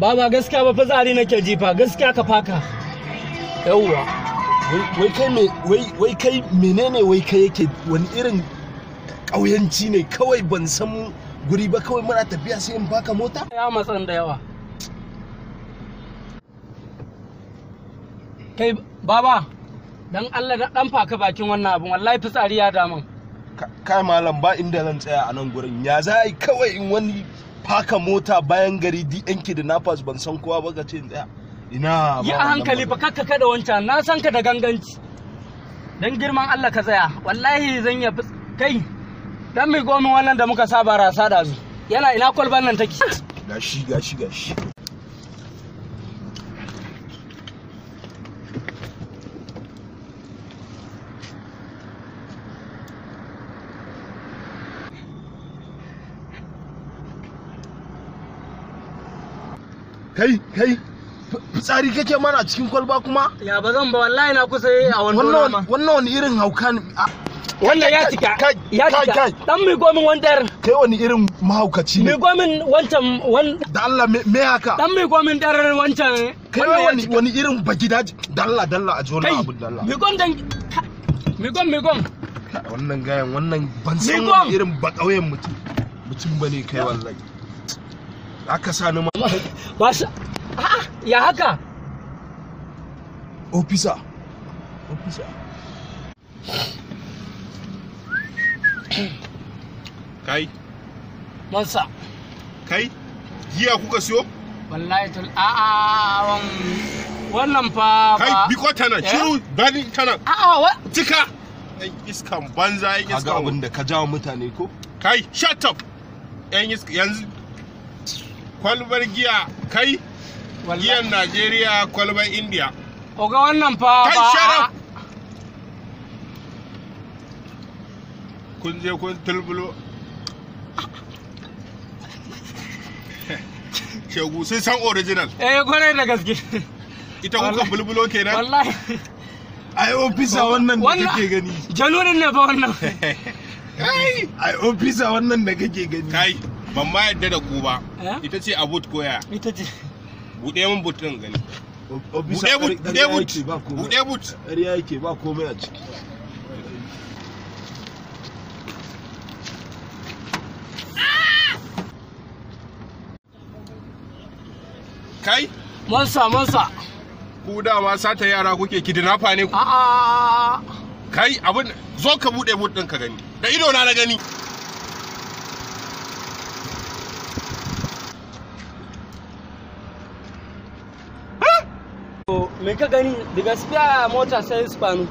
ba gaskiya ba fitsari nake jifa gaskiya ka faka yawwa wai kai me wai kai menene wai kai yake wani irin ƙauyanci ne kawai ban san guri ba kawai muna tafiya sai in baka mota ya matsan da yawa kai baba dan Allah na dan faka bakin wannan abun wallahi fitsari ya damun kai malam ba inda zan tsaya a nan gurin ya za kawai in wani faka mota bayan gari di yan kidnappers ban san kowa ba ga ce tsaya ina yi a hankali ba kakka kada wancan na san ka da ganganci dan girman Allah ka tsaya wallahi zan ya kai dan mai gomin wannan da muka saba rasa da su yana ina kwalban nan take gashi gashi gashi kai kai fitsari kake mana cikin kwalba kuma ya ba zan ba wallahi na kusa a wannan ma wannan wani irin hauka ne wannan ya cika ya cika dan mai gomin wanda kai wani irin mahaukaci ne mai gomin wancan wan da Allah me haka dan mai gomin dar wancan kai wani wani irin baki daji da Allah Allah a ji wannan abun da Allah dan mai gom mai gom wannan gayan wannan ban san irin ba kauyen mutum mutum bane kai wallahi aka sa ni ma ba shi a'a ya haka ofisa ofisa kai mansa kai giya kuka siyo wallahi tul a'a wannan fa kai biko tana eh? shiru bani tana a'a wa cika ai iskan banza ai iskan abin da ka jawo mutane ko kai shut up yanzu kwalbar giya kai giyan najeriya kwalbar india oga wannan fa ba kun je kun tulbulo shegu sai san original eh kwarai da gaske ita kuka bulbulo kenan wallahi ai ofisa wannan da kake gani jalurin ne fa wannan ai ofisa wannan da kake gani kai ban ma yadda da ku ba eh? ita ce a but koya ita ce buɗe min boot din gani buɗe but. buɗe boot buɗe boot ƙarya yake ba komai a ciki kai mansa mansa ku dama sata yara kuke kidnapper ne ku a'a kai abin zo ka buɗe but din ka gani da ido na na gani me ka gani da gaskiya mota sai spanu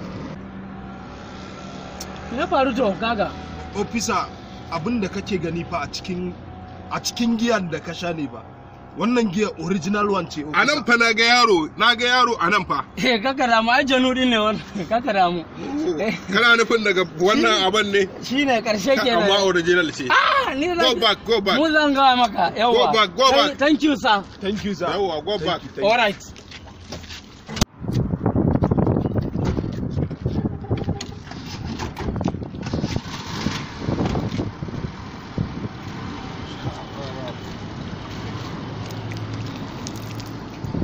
na faru to kaga ofisa abin da kake gani fa a cikin a cikin giyan da ka sha ne ba wannan giya original one ce a nan fa na ga yaro na ga yaro a nan fa eh kaka ramu a' janu din ne wannan kaka mu kana nufin daga wannan abin ne shine karshe kenan amma original ce ah ni go back go back mu zan ga maka yawa go back go back thank you sir thank you sir yawa go back all right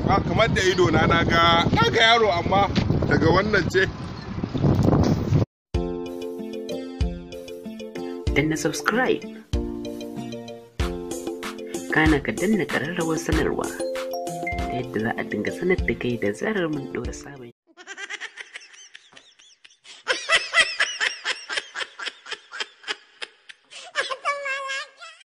kamar da ido na na ga yaro amma daga wannan ce danna subscribe kana ka danna kararrawar sanarwa ta yadda za a dinga sanar da kai da zarar mun dora sabon